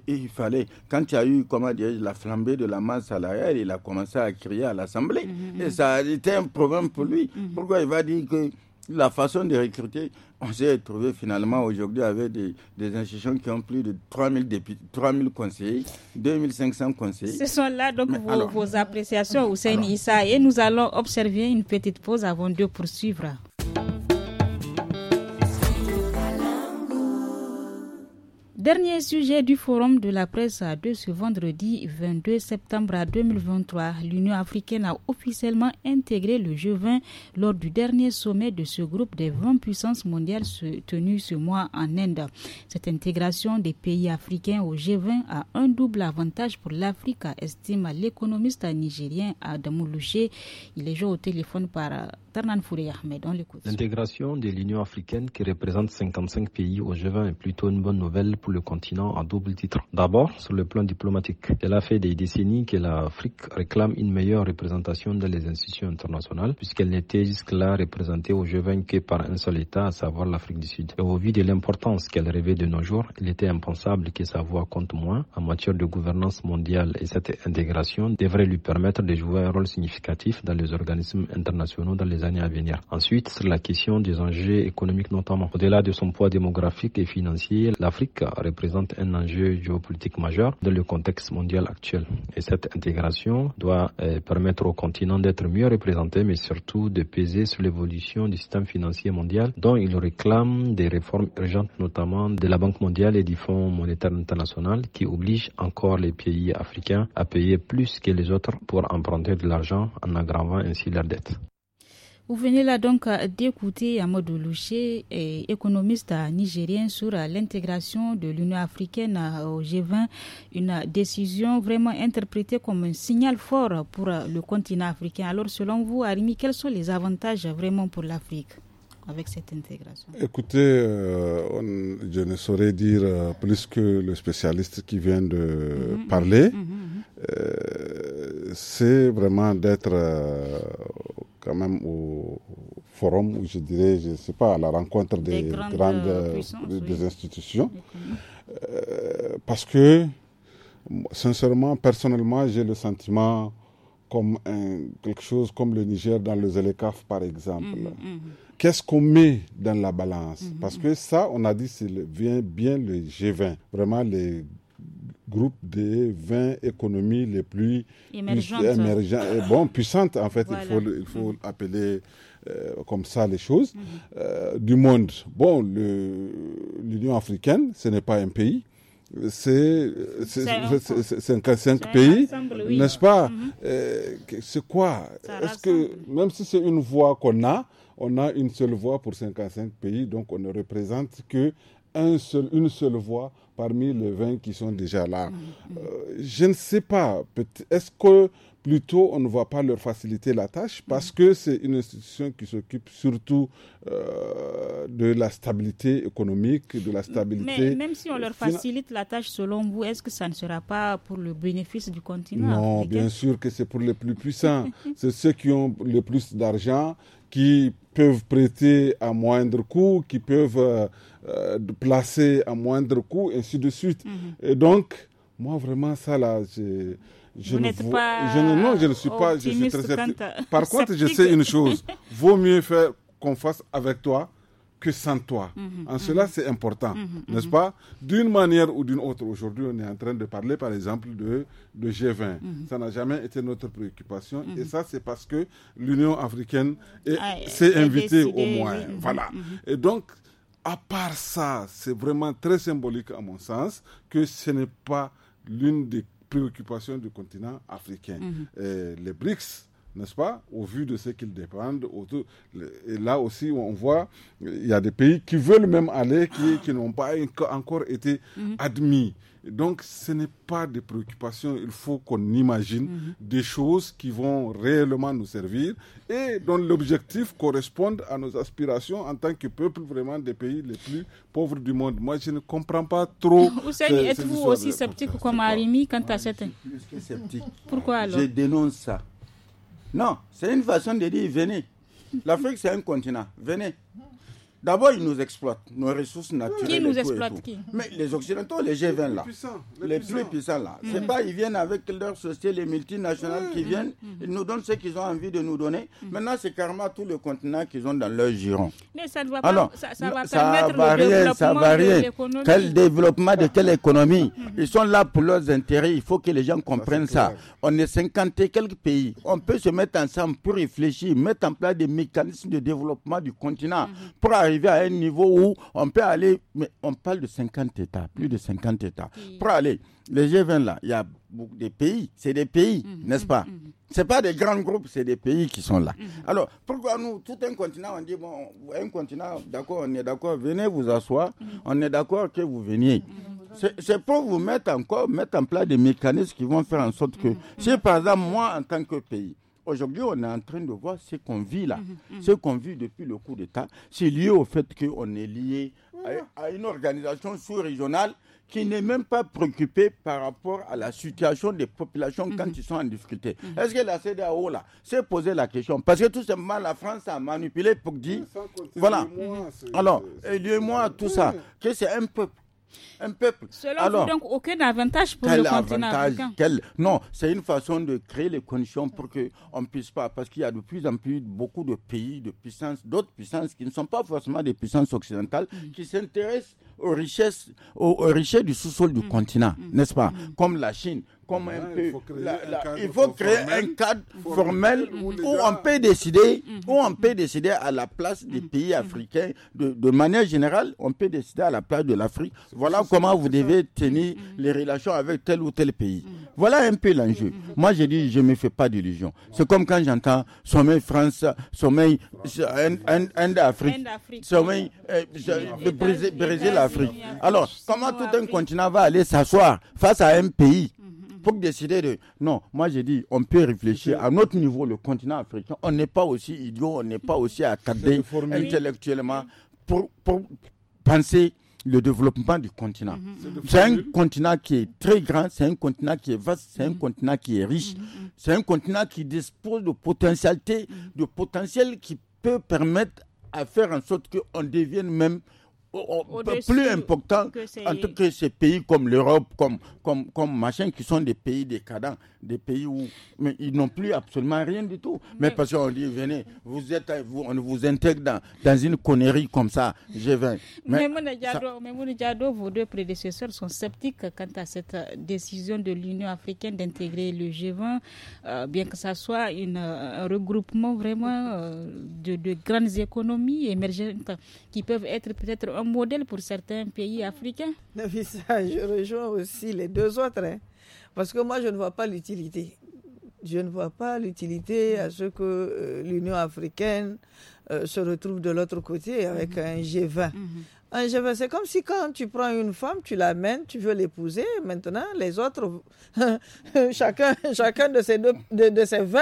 il fallait, quand il y a eu, comment dire, la flambée de la masse salariale, il a commencé à crier à l'Assemblée. Et ça a été un problème pour lui. Pourquoi il va dire que la façon de recruter, on s'est trouvé finalement aujourd'hui avec des, institutions qui ont plus de 3000, députés, 3000 conseillers, 2500 conseillers. Ce sont là donc vos, appréciations au appréciations, Hussein Issa. Et nous allons observer une petite pause avant de poursuivre. Dernier sujet du forum de la presse à deux ce vendredi 22 septembre 2023. L'Union africaine a officiellement intégré le G20 lors du dernier sommet de ce groupe des 20 puissances mondiales tenu ce mois en Inde. Cette intégration des pays africains au G20 a un double avantage pour l'Afrique, estime l'économiste nigérien Adamou Louché. Il est joué au téléphone par L'intégration de l'Union africaine qui représente 55 pays au G20 est plutôt une bonne nouvelle pour le continent à double titre. D'abord, sur le plan diplomatique, a fait des décennies que l'Afrique réclame une meilleure représentation dans les institutions internationales, puisqu'elle n'était jusque-là représentée au G20 que par un seul État, à savoir l'Afrique du Sud. Et au vu de l'importance qu'elle rêvait de nos jours, il était impensable que sa voix compte moins en matière de gouvernance mondiale et cette intégration devrait lui permettre de jouer un rôle significatif dans les organismes internationaux dans les années à venir. Ensuite, sur la question des enjeux économiques notamment. Au-delà de son poids démographique et financier, l'Afrique représente un enjeu géopolitique majeur dans le contexte mondial actuel. Et cette intégration doit euh, permettre au continent d'être mieux représenté, mais surtout de peser sur l'évolution du système financier mondial, dont il réclame des réformes urgentes, notamment de la Banque mondiale et du Fonds monétaire international, qui obligent encore les pays africains à payer plus que les autres pour emprunter de l'argent en aggravant ainsi leur dette. Vous venez là donc euh, d'écouter Amadou Louché, euh, économiste nigérien sur euh, l'intégration de l'Union africaine au G20, une décision vraiment interprétée comme un signal fort pour le continent africain. Alors selon vous, Arimi, quels sont les avantages vraiment pour l'Afrique avec cette intégration Écoutez, je ne saurais dire plus que le spécialiste qui vient de mhm, parler. Mhm, mhm, c'est vraiment d'être même au forum, où je dirais, je ne sais pas, à la rencontre des, grandes, euh, des institutions. Euh, parce que, sincèrement, personnellement, j'ai le sentiment comme un, quelque chose comme le Niger dans le Zelekaf, par exemple. Mm, mm, mm. Qu'est-ce qu'on met dans la balance Parce que ça, on a dit, c'est bien, bien le G20, vraiment les groupe des 20 économies les plus émergentes, bon, puissantes, en fait, il faut, il faut mm. appeler euh, comme ça les choses, mm-hmm. euh, du monde. Bon, l'Union africaine, ce n'est pas un pays, c'est 55 pays, n'est-ce pas mm-hmm. euh, C'est quoi Est-ce que même si c'est une voix qu'on a, on a une seule voix pour 55 pays, donc on ne représente que un seul, une seule voix parmi les 20 qui sont mm. déjà là. Mm. Euh, je ne sais pas, est-ce que plutôt on ne va pas leur faciliter la tâche mm. parce que c'est une institution qui s'occupe surtout euh, de la stabilité économique, de la stabilité. Mais même si on leur facilite la tâche, selon vous, est-ce que ça ne sera pas pour le bénéfice du continent Non, bien sûr que c'est pour les plus puissants. c'est ceux qui ont le plus d'argent qui peuvent prêter à moindre coût, qui peuvent euh, euh, placer à moindre coût, ainsi de suite. Mhm. Et donc, moi, vraiment, ça, là, je, je Vous ne pas je ne, non, je ne suis pas, je suis très Par contre, je sais une chose, (laughs) vaut mieux faire qu'on fasse avec toi que sans toi. Mhm. en cela, mhm. c'est important, mhm. n'est-ce pas D'une manière ou d'une autre, aujourd'hui, on est en train de parler, par exemple, de, de G20. Ça n'a jamais été notre préoccupation. Et ça, c'est parce que l'Union africaine ah, s'est invitée au moins. voilà. Et donc, à part ça, c'est vraiment très symbolique, à mon sens, que ce n'est pas l'une des préoccupations du continent africain. les BRICS, n'est-ce pas, au vu de ce qu'ils dépendent. Et là aussi, on voit, il y a des pays qui veulent même aller, qui, qui n'ont pas encore été mhm. admis. Donc, ce n'est pas des préoccupations. Il faut qu'on imagine mhm. des choses qui vont réellement nous servir et dont l'objectif corresponde à nos aspirations en tant que peuple vraiment des pays les plus pauvres du monde. Moi, je ne comprends pas trop. (laughs) êtes-vous aussi sceptique ah, comme Arimi quant à cette... Pourquoi alors Je dénonce ça. Non, c'est une façon de dire venez. L'Afrique, c'est un continent. Venez. D'abord, ils nous exploitent, nos ressources naturelles. Qui nous exploite qui Mais les Occidentaux, les G20 là, les, puissants, les, plus puissants là, c'est mm. pas, ils viennent avec leurs sociétés, les multinationales mm. qui viennent, mm. ils nous donnent ce qu'ils ont envie de nous donner. Maintenant, c'est carrément tout le continent qu'ils ont dans leur giron. Mais ça ne va pas, Alors, ça, ça, va ça Quel développement de quelle économie Ils sont là pour leurs intérêts, il faut que les gens comprennent ça. On est 50 et quelques pays, on peut se mettre ensemble pour réfléchir, mettre en place des mécanismes de développement du continent, mm-hmm. pour arriver arriver à un niveau où on peut aller, mais on parle de 50 États, plus de 50 États. Pour aller, les G20 là, il y a des pays, c'est des pays, mhm. n'est-ce pas mhm. C'est pas des grands groupes, c'est des pays qui sont là. Mhm. Alors, pourquoi nous, tout un continent, on dit, bon, un continent, d'accord, on est d'accord, venez vous asseoir, on est d'accord que vous veniez. C'est pour vous mettre encore, mettre en place des mécanismes qui vont faire en sorte que, si par exemple, moi, en tant que pays, Aujourd'hui, on est en train de voir ce qu'on vit là. Mhm, mhm. Ce qu'on vit depuis le coup d'État, c'est lié au fait qu'on est lié mhm. à, une organisation sous-régionale qui n'est même pas préoccupée par rapport à la situation des populations quand ils sont en difficulté. Est-ce que la CDAO, là, s'est posée la question Parce que tout simplement, la France a manipulé pour dire, voilà, alors, alors, lieu-moi tout ça, que c'est un peuple un peuple. Alors, donc, aucun avantage pour le continent africain quel... Non, c'est une façon de créer les conditions pour qu'on ne puisse pas, parce qu'il y a de plus en plus beaucoup de pays, de puissances, d'autres puissances qui ne sont pas forcément des puissances occidentales, mm. qui s'intéressent aux richesses aux, richesses du sous-sol du mm. continent, mm. n'est-ce pas mm. Comme la Chine, comme un peu, il faut créer, un cadre formel, où, on peut décider, où on peut décider à la place des pays africains. De, manière générale, on peut décider à la place de l'Afrique. Voilà comment vous devez tenir les relations avec tel ou tel pays. Voilà un peu l'enjeu. Moi, je dis, je ne me fais pas d'illusions. C'est comme quand j'entends sommeil France, sommeil Inde-Afrique, sommeil euh, Brésil-Afrique. Alors, Comment tout un continent va aller s'asseoir face à un pays mm, mm, mm. pour décider de... Non, moi j'ai dit, on peut réfléchir à notre niveau, le continent africain. On n'est pas aussi idiot, on n'est pas aussi attardé intellectuellement pour, penser le développement du continent. C'est un continent qui est très grand, c'est un continent qui est vaste, c'est un continent qui est riche, c'est un continent qui dispose de potentialités, de potentiel qui peut permettre à faire en sorte qu'on devienne même Oh, oh, plus important que en tout cas ces pays comme l'Europe, comme, comme, comme machin, qui sont des pays décadents des pays où mais ils n'ont plus absolument rien du tout. Mais, parce qu'on dit, venez, vous êtes, vous, on vous intègre dans, dans une connerie comme ça, G20. Mais, mais vos deux prédécesseurs sont sceptiques quant à cette euh, décision de l'Union africaine d'intégrer le G20, euh, bien que ça soit une, euh, un regroupement vraiment de, grandes économies émergentes qui peuvent être peut-être un modèle pour certains pays africains. ça, je rejoins aussi les deux autres. Hein. Parce que moi, je ne vois pas l'utilité. Je ne vois pas l'utilité à ce que euh, l'Union africaine euh, se retrouve de l'autre côté avec mhm. un G20. Mhm. Un G20, c'est comme si quand tu prends une femme, tu l'amènes, tu veux l'épouser. Maintenant, les autres, (laughs) chacun, chacun de ces, deux, de, de ces 20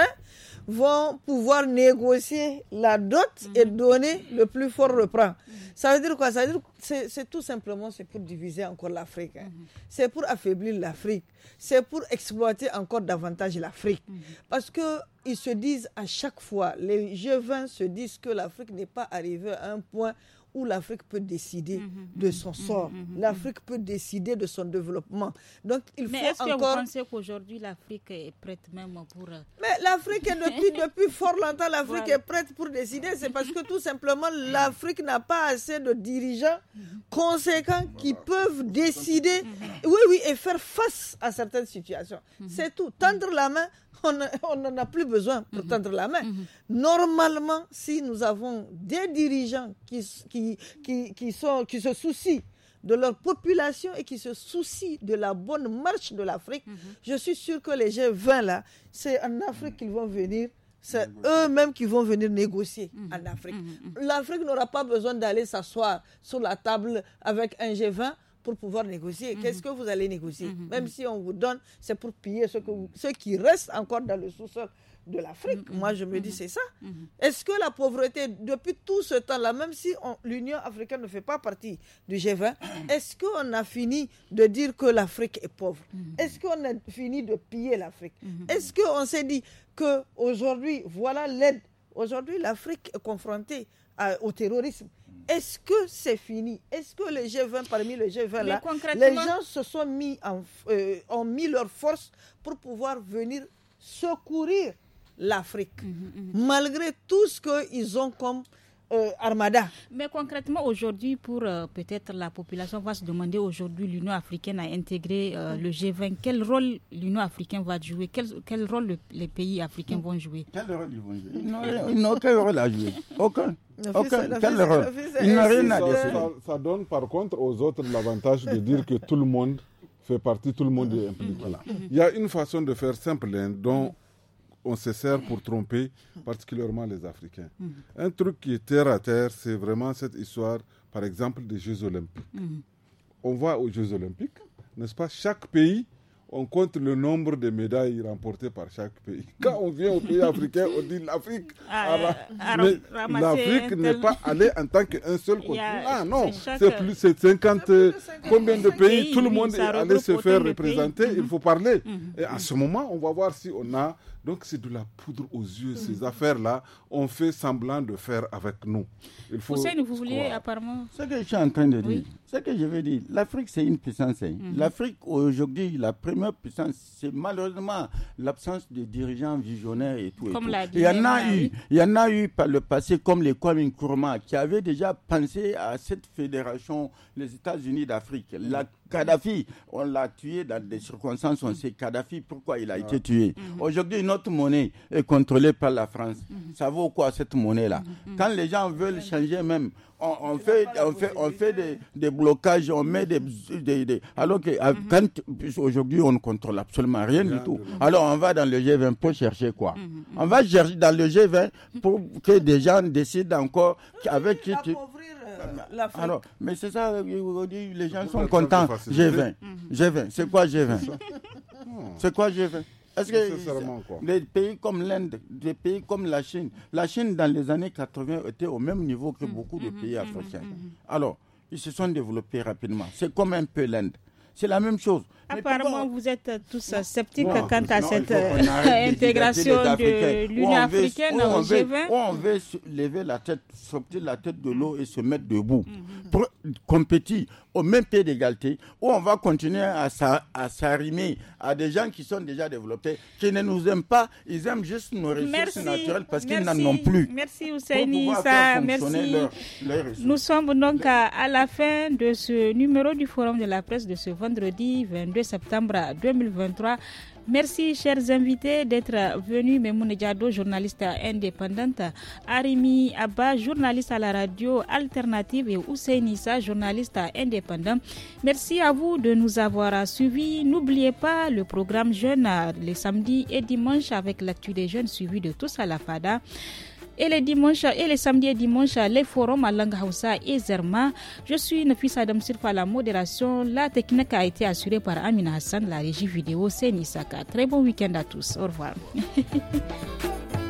vont pouvoir négocier la dot et mhm. donner le plus fort reprend. Mhm. Ça veut dire quoi Ça veut dire c'est tout simplement c'est pour diviser encore l'Afrique. Hein. Mhm. C'est pour affaiblir l'Afrique. C'est pour exploiter encore davantage l'Afrique. Parce que ils se disent à chaque fois, les G20 se disent que l'Afrique n'est pas arrivée à un point où l'Afrique peut décider mhm, mhm, de son mhm, sort. L'Afrique peut décider de son développement. Donc, il Mais est-ce que vous qu'aujourd'hui l'Afrique est prête même pour... Euh, Mais l'Afrique, depuis, (laughs) depuis fort longtemps, l'Afrique est prête pour décider. C'est parce que tout simplement, l'Afrique n'a pas assez de dirigeants conséquents qui peuvent décider, oui, oui, et faire face à certaines situations. C'est tout. Tendre la main, on n'en a plus besoin pour mhm. tendre la main. Mhm. Normalement, si nous avons des dirigeants qui, qui, se soucient de leur population et qui se soucient de la bonne marche de l'Afrique, mhm. je suis sûr que les G20 là, c'est en Afrique qu'ils vont venir c'est eux-mêmes qui vont venir négocier en Afrique. L'Afrique n'aura pas besoin d'aller s'asseoir sur la table avec un G20 pour pouvoir négocier. Mhm. Qu'est-ce que vous allez négocier mhm, Même mhm. si on vous donne, c'est pour piller ce, qui reste encore dans le sous-sol de l'Afrique. Moi, je me dis, c'est ça. Est-ce que la pauvreté, depuis tout ce temps-là, même si l'Union africaine ne fait pas partie du G20, (clears throat) est-ce qu'on a fini de dire que l'Afrique est pauvre Est-ce qu'on a fini de piller l'Afrique Est-ce qu'on s'est dit que aujourd'hui, voilà l'aide Aujourd'hui, l'Afrique est confrontée au terrorisme. Est-ce que c'est fini Est-ce que les G20, parmi les G20 là, les gens se sont mis en, euh, ont mis leur force pour pouvoir venir secourir l'Afrique, mhm, mhm. malgré tout ce qu'ils ont comme euh, armada. Mais concrètement, aujourd'hui, pour euh, peut-être la population va se demander aujourd'hui, l'Union africaine a intégré euh, le G20. Quel rôle l'Union africaine va jouer quel, quel, rôle les pays africains vont jouer Quel rôle ils vont jouer Ils aucun rôle à jouer. Aucun. Quel rôle rien Ça, donne par contre aux autres l'avantage de dire que tout le monde fait partie, tout le monde est impliqué. Il y a une façon de faire simple hein, dont on se sert pour tromper particulièrement les Africains. Mm-hmm. Un truc qui est terre à terre, c'est vraiment cette histoire, par exemple, des Jeux olympiques. Mm-hmm. On voit aux Jeux olympiques, n'est-ce pas, chaque pays on compte le nombre de médailles remportées par chaque pays. (laughs) Quand on vient au pays africain, on dit l'Afrique. Ah, ah, ah, L'Afrique n'est pas allée en tant qu'un seul (laughs) continent. Ah non, c'est plus c'est 50, euh, combien de pays, tout le monde est allé se faire représenter. Il faut mm-hmm. parler. Mm-hmm. Et à ce moment, on va voir si on a. Donc c'est de la poudre aux yeux. Ces mm-hmm. affaires-là, on fait semblant de faire avec nous. Il faut. vous vouliez apparemment. Ce que je suis en train de dire, ce que je veux dire, l'Afrique c'est une puissance. Hein. L'Afrique aujourd'hui, la première puissance. C'est malheureusement l'absence de dirigeants visionnaires et tout. Il y en a eu, il y en a eu par le passé, comme les Kwame Nkrumah, qui avaient déjà pensé à cette fédération, les États-Unis d'Afrique. La Kadhafi, on l'a tué dans des circonstances, on sait Kadhafi, pourquoi il a été ah. tué. Mhm. Aujourd'hui, notre monnaie est contrôlée par la France. Mhm. Ça vaut quoi cette monnaie-là mhm. Quand les gens veulent changer même, on, fait, on fait, on fait des, blocages, on met des... alors que ah, aujourd'hui, on ne contrôle absolument rien du tout. Alors on va dans le G20 pour chercher quoi On va chercher dans le G20 pour que des gens décident encore avec qui tu... Alors, ah mais c'est ça, euh, les gens sont contents. G20. 20 C'est quoi G20 (laughs) C'est quoi G20 est-ce que des pays comme l'Inde, des pays comme la Chine, la Chine dans les années 80 était au même niveau que mm, beaucoup de mm, mm, pays africains. Alors, ils se sont développés rapidement. C'est comme un peu l'Inde. C'est la même chose. Apparemment, vous êtes tous sceptiques quant à cette euh, intégration de l'Union africaine au G20. on veut lever la tête, sortir la tête de l'eau et se mettre debout. Mm-hmm. Pour compétir au même pied d'égalité, où on va continuer à, s'arrimer à des gens qui sont déjà développés, qui ne nous aiment pas, ils aiment juste nos ressources naturelles parce qu'ils n'en ont plus. Merci Ousseini, merci. nous sommes donc à la fin de ce numéro du Forum de la presse de ce vendredi 22 septembre 2023. Merci, chers invités, d'être venus. Memoune journaliste indépendante, Arimi Abba, journaliste à la radio alternative, et Hussein Issa, journaliste indépendant. Merci à vous de nous avoir suivis. N'oubliez pas le programme Jeunes les samedis et dimanches avec l'actu des jeunes suivi de tous à la FADA et les dimanches et les samedis et dimanches les forums à langue et Zerma. Je suis Nafis Adam Sirfa la modération. La technique a été assurée par Amina Hassan, la régie vidéo c'est Nisaka. Très bon week-end à tous. Au revoir. (laughs)